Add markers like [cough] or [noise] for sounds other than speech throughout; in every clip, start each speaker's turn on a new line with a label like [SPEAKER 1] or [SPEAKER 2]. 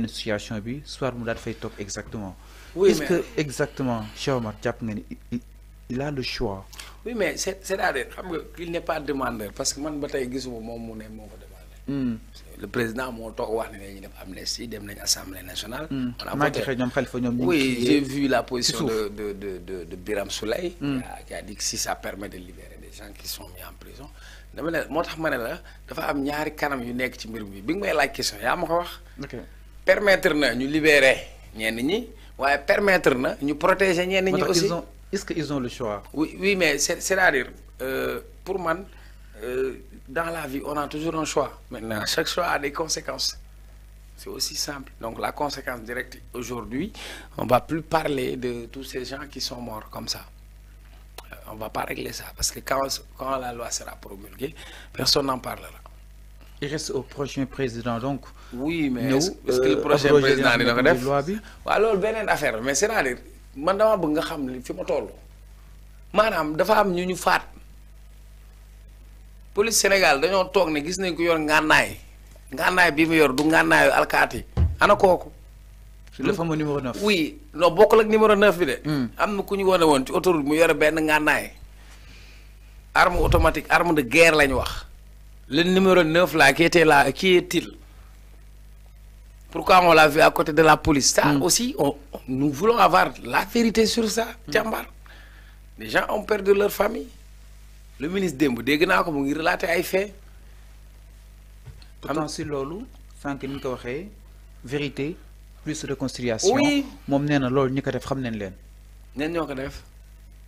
[SPEAKER 1] benn situation bi soir mu daal fay top exactement. oui est-ce que exactement Cheikh Omar nga il a le choix.
[SPEAKER 2] oui mais c'est c'est c' dire xam nga il n'est pas demandeur parce que man batay tey gisuma moom mu ne moo ko demandé.
[SPEAKER 1] Hmm. le président
[SPEAKER 2] mo tok wax ne ñu def amnistie dem nañ assemblée nationale. Hmm. on a voté oui j'ai vu la position de de de de Biram Souley. Hmm. qui a dit que si ça permet de libérer des gens qui sont mis en prison. dama ne motax mané ma ne la dafa am ñaari kanam yu nekk ci mbir bi bi nga may laaj question ya mako wax wax permettre de libérer permettre protéger
[SPEAKER 1] est-ce qu'ils ont le choix.
[SPEAKER 2] oui mais c'est à dire euh, pour moi, euh, dans la vie on a toujours un choix maintenant chaque choix a des conséquences. C'est aussi simple. Donc la conséquence directe, aujourd'hui, on ne va plus parler de tous ces gens qui sont morts comme ça. Euh, on ne va pas régler ça. Parce que quand la loi sera promulguée,
[SPEAKER 1] personne n'en parlera il reste au prochain président donc.
[SPEAKER 2] oui mais est-ce que le euh, prochain président dina ko def loi bi. affaire mais c'est-à-dire man dama bëgg nga xam li fi ma toll. maanaam dafa am ñu ñu faat police Sénégal dañu tok ne gis nañ ko yor ngànnaay ngànnaay bi mu yor du ngànnaayu alkaati ana
[SPEAKER 1] kooku. la fa numéro 9.
[SPEAKER 2] oui non bokkul ak numéro 9 bi de. Hmm. amna ku ñu wane won ci autoroute mu yor benn ngànnaay. arme automatique arme de guerre lañ wax. Le numéro 9 là, qui était là, qui est-il Pourquoi on l'a vu à côté de la police Ça mm. aussi, on, nous voulons avoir la vérité sur ça, Djambar. Les gens ont perdu leur famille. Le ministre Dembou, dès qu'il a relaté les
[SPEAKER 1] faits. Pourtant, c'est lolo, sans que nous vérité, plus de conciliation. Oui. Moi, je suis là, je suis là, je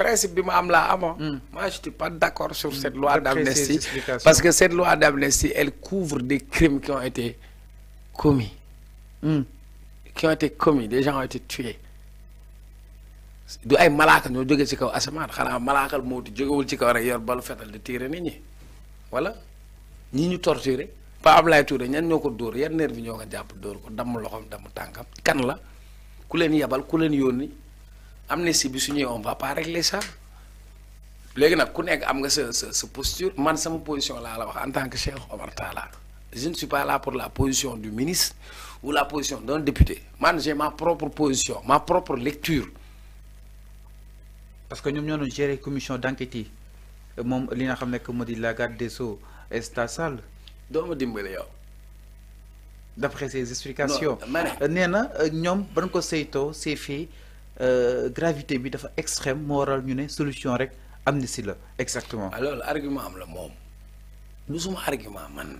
[SPEAKER 2] principe bi ma am laa amoon. Hmm. moi je suis pas d'accord sur cette loi hmm. d'amnistie parce que cette loi d'amnistie elle couvre des crimes qui ont été commis. Hmm. qui ont été commis des gens ont été tués. du ay malaaka ñoo jóge ci kaw asman xala malakal moo di jógewul ci kaw rek yor balu fétal de tirer nit ñi wala ñi ñu torturer Pa ablay Touré ñan ñoko ko dóor yan nerf japp ñoo ko dam dóor dam tankam kan la ku len yabal ku len yoni Amnésie on ne on va pas régler ça léegi nag ku nekk am nga sa sa posture position la la en tant que Cheikh Omar je ne suis pas là pour la position du ministre ou la position d'un député man j'ai ma propre
[SPEAKER 1] position ma propre lecture. parce que nous, avons géré la commission d'enquête Je moom li nga que la garde des Sceaux est à doo ma yow. d'après ses explications. nous, euh, na nous, euh, ban ko saytoo c'est fait. Euh, gravité bi dafa extrême moral ñu né solution rek amnésie la exactement. alors
[SPEAKER 2] argument am la nous lu suma argument man.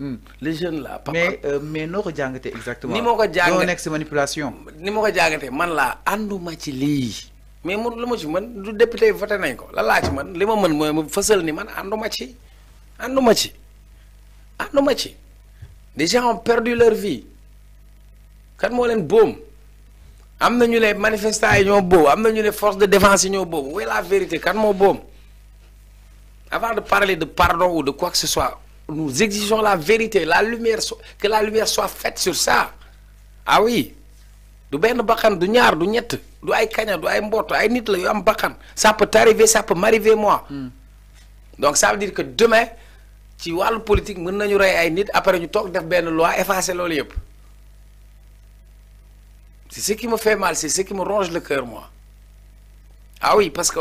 [SPEAKER 1] Hmm. les jeunes là. mais euh, mais noo ko exactement. ni moko ko do nek ci manipulation.
[SPEAKER 2] ni moko ko man la
[SPEAKER 1] anduma ci li mais mu luma ci man du député voté nañ
[SPEAKER 2] ko la la ci man li ma mën mooy ma ni man anduma ci anduma ci anduma ci des gens ont perdu leur vie kan mo len boom amna ñu les manifestants ñoo bo amna ñu les forces de défense ñoo où oui la vérité kan mo boobu avant de parler de pardon ou de quoi que ce soit nous exigeons la vérité la lumière que la lumière soit faite sur ça ah oui du ben bakkan du ñaar du ñett du ay kaña du ay mbott ay nit la yu am bakkan ça peut arriver, ça peut m'arriver moi hmm. donc ça veut dire que demain ci walu politique mën nañu rey ay nit après ñu tok def ben loi effacer lolu yépp c'est ce qui me fait mal, c'est ce qui me ronge le cœur, moi. Ah oui, parce que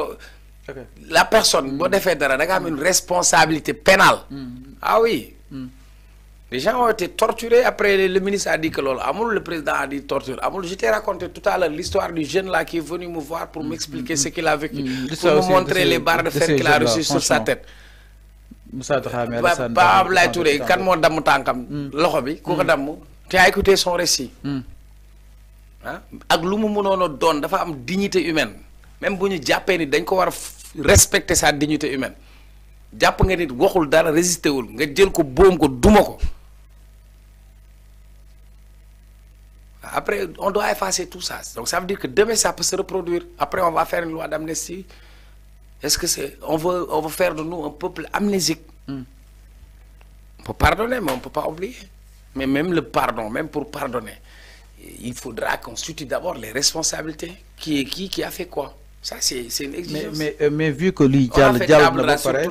[SPEAKER 2] la personne, bon effet a une responsabilité pénale. Mm. Ah oui. Mm. Les gens ont été torturés après le ministre a dit que l'on. le président a dit torture. je t'ai raconté tout à l'heure l'histoire du jeune là qui est venu me voir pour mm. m'expliquer ce qu'il a vécu, pour me montrer les barres de fer qu'il a reçues sur sa tête. tu as écouté son récit. Hein? ak lu mu mënono dafa am dignité humaine même si ñu avons ni dañ ko respecter sa dignité humaine nous nga résister wul nga jël ko après on doit effacer tout ça donc ça veut dire que demain ça peut se reproduire après on va faire une loi d'amnestie. est-ce que c'est on veut on veut faire de nous un peuple amnésique pour hmm. on peut pardonner mais on peut pas oublier mais même le pardon même pour pardonner il faudra qu'on d'abord les responsabilités. Qui est qui, qui a fait quoi Ça, c'est une exigence. Mais,
[SPEAKER 1] mais, euh, mais, vu que l'Idjal Djal n'a pas parlé.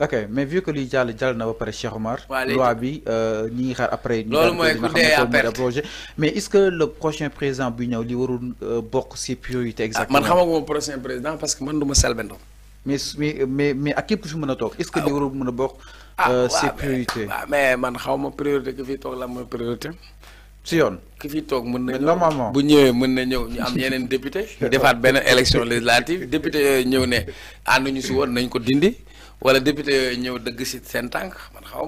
[SPEAKER 1] Ok, mais vu que le diable n'a pas parlé, cher Omar, l'OABI, euh, ni après, ni après, Mais est-ce que le prochain président, Bignan, il aura euh, Bok, ses priorités ah, exactement Je ne sais pas mon prochain président parce que je ne sais pas. Mais, mais, mais, à qui peut-je me Est-ce que l'Europe me Bok, ses priorités Mais, je ne sais pas, priorité, que je priorité si yoon ki fi toog mën na normalement bu
[SPEAKER 2] ñëwee mën na ñëw ñu am yeneen député [laughs] defaat benn élection législative député yooyu ñëw ne ànduñu si woon nañ ko dindi wala député yooyu ñëw dëgg si seen tànk man xaw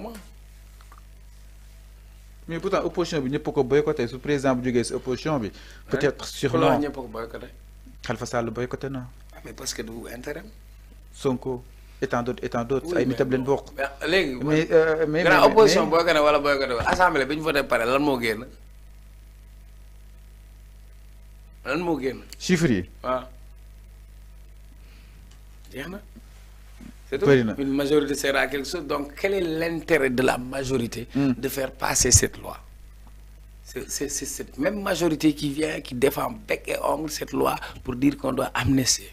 [SPEAKER 1] mais pourtant opposition bi ñëpp ko boycotté su président bu jógee si opposition bi hein? peut-être sûrement ñëpp ko boycotté Khalifa Sall boycotté na
[SPEAKER 2] ah, mais parce que du intérêt
[SPEAKER 1] Sonko étant d'autres étant d'autres ay nitam mais
[SPEAKER 2] euh,
[SPEAKER 1] euh, mais mais opposition bo
[SPEAKER 2] gën a wala boy gën a assemblée biñ voté paré lan mo génn lan mo génn. chiffres yi waaw. Ah. c'est tout une majorité sera quelque chose donc quel est l'intérêt de la majorité. Hmm. de faire passer cette loi. C'est cette même majorité qui vient, qui défend bec et ongle cette loi pour dire qu'on doit amnésier.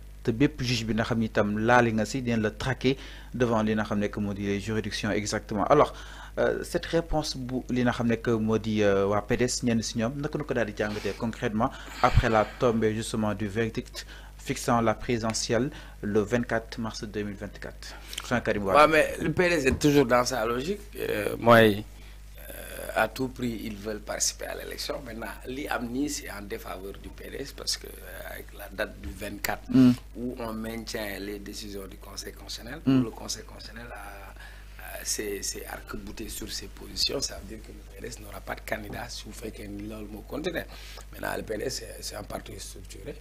[SPEAKER 1] te juge bi traquer devant les juridictions exactement alors euh, cette réponse bu li nga par euh, PDS concrètement après la tombe justement du verdict fixant la présidentielle le 24 mars 2024. le
[SPEAKER 2] PDS est toujours dans sa logique euh, à tout prix, ils veulent participer à l'élection. Maintenant, l'IAMNI, c'est en défaveur du PDS parce que euh, avec la date du 24, mm. où on maintient les décisions du Conseil constitutionnel, mm. le Conseil constitutionnel s'est arc-bouté sur ses positions, ça veut dire que le PDS n'aura pas de candidat si vous faites qu'un mot continent. Maintenant, le PDS, c'est un parti structuré.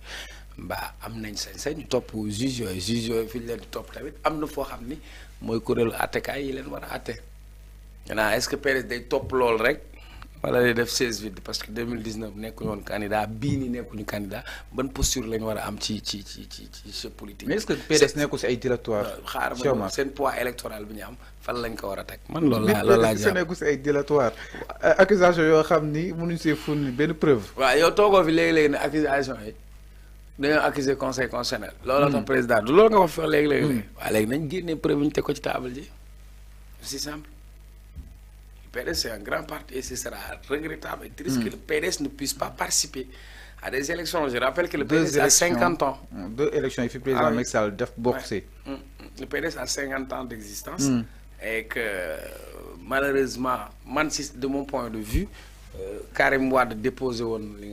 [SPEAKER 2] Bah, AMNI, nañ un top ñu topp juge Le juge a un top tamit am na foo il ni mooy il est yi leen war a xanaa est-ce que Pérez day topp lool rek wala day def chaise vide parce que 2019 nekkuñu woon candidat bii nii nekkuñu candidat ban posture lañ war a am ci ci ci ci ci chef politique. mais est-ce que si ay dilatoires. xaar ma seen poids électoral bi ñu am fan lañ ko war a teg man loolu laa loolu laa jàpp
[SPEAKER 1] nekkul si ay dilatoires euh, accusation yoo xam ni mënuñ see fournir benn preuve.
[SPEAKER 2] waaw yow toogoo fi léegi-léegi ne accusation yi dañoo accuser conseil constitutionnel. looloo tax mm.
[SPEAKER 1] président du loolu nga wax fi
[SPEAKER 2] léegi-léegi. Mm. waaw léegi nañ génnee preuve ñu teg ko ci table ji c'est simple. PDS est un grand parti et ce sera regrettable et triste hmm. que le PDS ne puisse pas participer à des élections. Je rappelle que le Deux a 50
[SPEAKER 1] ans. Hmm, deux élections, il fut président ah, oui. le Def boxer.
[SPEAKER 2] Hmm, le PDS a 50 ans d'existence et que malheureusement, de mon point de vue, euh, Karim Wade déposé une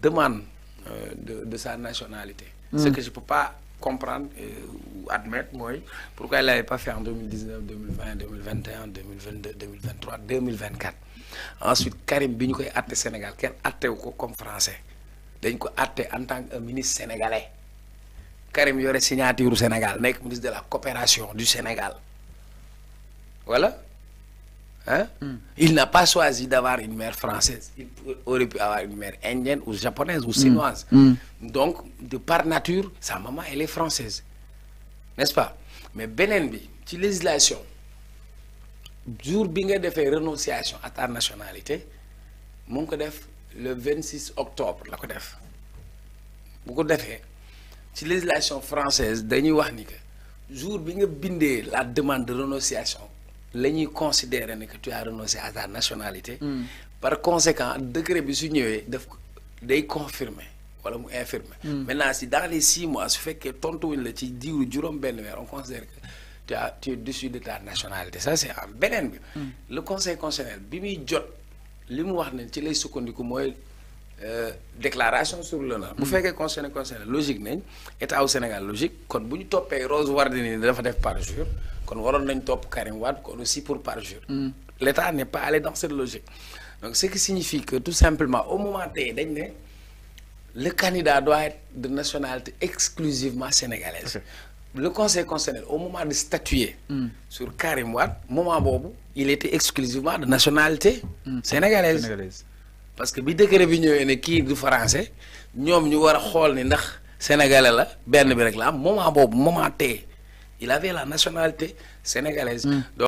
[SPEAKER 2] demande euh, de, de sa nationalité. Ce que je ne peux pas comprendre ou admettre moi, pourquoi il l'avait pas fait en 2019 2020 2021 2022 2023 2024 ensuite Karim bi est koy au Sénégal qui est ko comme français est en tant que ministre sénégalais Karim yore signature Sénégal le ministre de la coopération du Sénégal voilà Hein? Hmm. Il n'a pas choisi d'avoir une mère française. Il aurait pu avoir une mère indienne ou japonaise ou hmm. chinoise. Hmm. Donc, de par nature, sa maman, elle est française. N'est-ce pas Mais Benenbi, tu législation, jour binga de faire renonciation à ta nationalité, mon def le 26 octobre la codef. def. Bu ko législation française dañuy wax jour bi nga la demande de renonciation les gens considérer que tu as renoncé à ta nationalité. Hmm. par conséquent décret bi su ñëwee daf confirmer hmm. maintenant si dans les six mois su fekkee tontuwuñ la ci diiru juróom-benn weer on considère que tu as tu es dessus de ta nationalité ça c'est est hmm. le conseil constitutionnel bi muy jot li mu wax ne ci lay sukkandiku mooy. Euh, déclaration sur l'honneur bu fekkee concerné concerné logique nañ état au Sénégal logique kon bu ñu Rose Wardini dafa def jour. On voit un top Karim Watt, qu'on aussi pour par jour mm. l'état n'est pas allé dans cette logique donc ce qui signifie que tout simplement au moment où le candidat doit être de nationalité exclusivement sénégalaise le conseil concerné au moment de statuer mm. sur Karim Watt, moment Bobu, il était exclusivement de nationalité mm. sénégalaise parce que bi décret bi une équipe équipe du français nous ñu war a xool ni sénégalais la benn bi rek la moment bobu, moment il avait la nationalité sénégalaise. Mm.